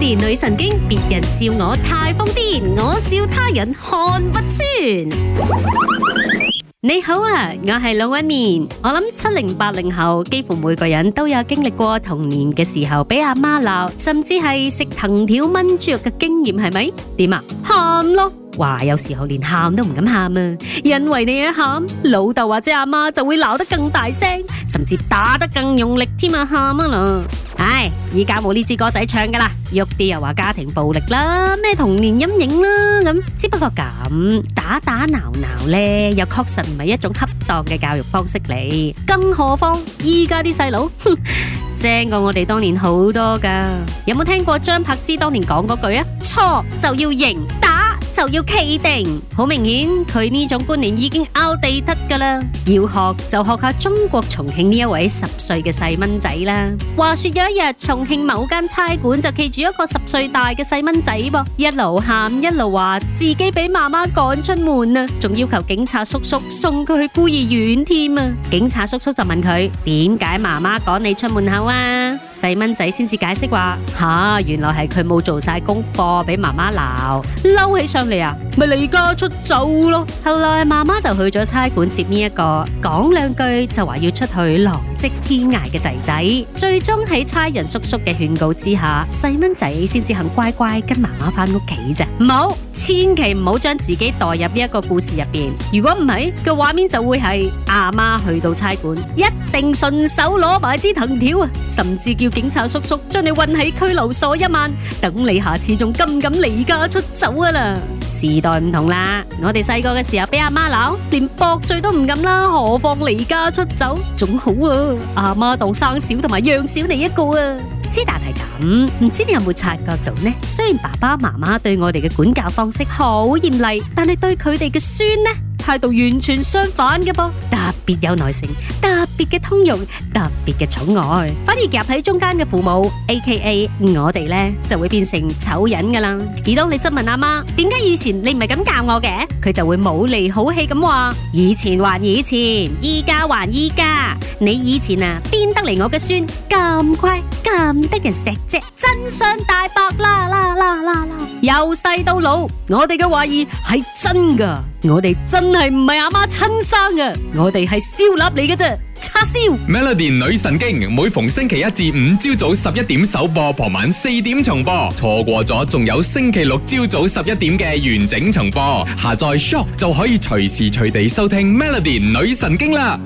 年女神經，別人笑我太瘋癲，我笑他人看不穿。你好啊，我係龍紋敏。我諗七零八零後，幾乎每個人都有經歷過童年嘅時候，俾阿媽鬧，甚至係食藤條燜豬肉嘅經驗，係咪？點啊？喊咯！哇，有時候連喊都唔敢喊啊，因為你一喊，老豆或者阿媽就會鬧得更大聲，甚至打得更用力添啊！喊啊啦～唉，依家冇呢支歌仔唱噶啦，喐啲又話家庭暴力啦，咩童年陰影啦，咁只不過咁打打鬧鬧咧，又確實唔係一種恰當嘅教育方式嚟，更何況依家啲細佬，哼，正過我哋當年好多噶，有冇聽過張柏芝當年講嗰句啊？錯就要認打。就要企定，好明顯佢呢種觀念已經拗地得噶啦。要學就學下中國重慶呢一位十歲嘅細蚊仔啦。話說有一日，重慶某間差館就企住一個十歲大嘅細蚊仔噃，啊，一路喊一路話自己俾媽媽趕出門啊，仲要求警察叔叔送佢去孤兒院添啊。警察叔叔就問佢點解媽媽趕你出門口啊？細蚊仔先至解釋話吓，原來係佢冇做晒功課，俾媽媽鬧，嬲起上嚟啊，咪離家出走咯。後來媽媽就去咗差館接呢、這、一個講兩句就話要出去浪跡天涯嘅仔仔， 最終喺差人叔叔嘅勸告之下，細蚊仔先至肯乖乖跟媽媽返屋企啫，唔好。千祈唔好將自己代入呢一個故事入邊，如果唔係，個畫面就會係阿媽去到差館，一定順手攞埋支藤條啊，甚至叫警察叔叔將你韞喺拘留所一晚，等你下次仲敢唔敢離家出走啊啦！時代唔同啦，我哋細個嘅時候俾阿媽鬧，連駁嘴都唔敢啦，何況離家出走，仲好啊！阿媽當生少同埋養少你一個啊，師大。唔唔、嗯、知你有冇察覺到呢？雖然爸爸媽媽對我哋嘅管教方式好嚴厲，但係對佢哋嘅孫呢態度完全相反嘅噃，別有耐性，特別嘅通融，特別嘅寵愛，反而夾喺中間嘅父母，A K A 我哋呢就會變成醜人噶啦。而當你質問阿媽，點解以前你唔係咁教我嘅？佢就會冇理好氣咁話：以前還以前，依家還依家，你以前啊邊得嚟我嘅孫咁乖咁得人錫啫？真相大白啦啦啦啦啦，由細到老，我哋嘅懷疑係真噶。我哋真係唔係阿媽親生啊！我哋係燒臘嚟嘅啫，叉燒。Melody 女神經每逢星期一至五朝早十一點首播，傍晚四點重播。錯過咗，仲有星期六朝早十一點嘅完整重播。下載 Shop 就可以隨時隨地收聽 Melody 女神經啦。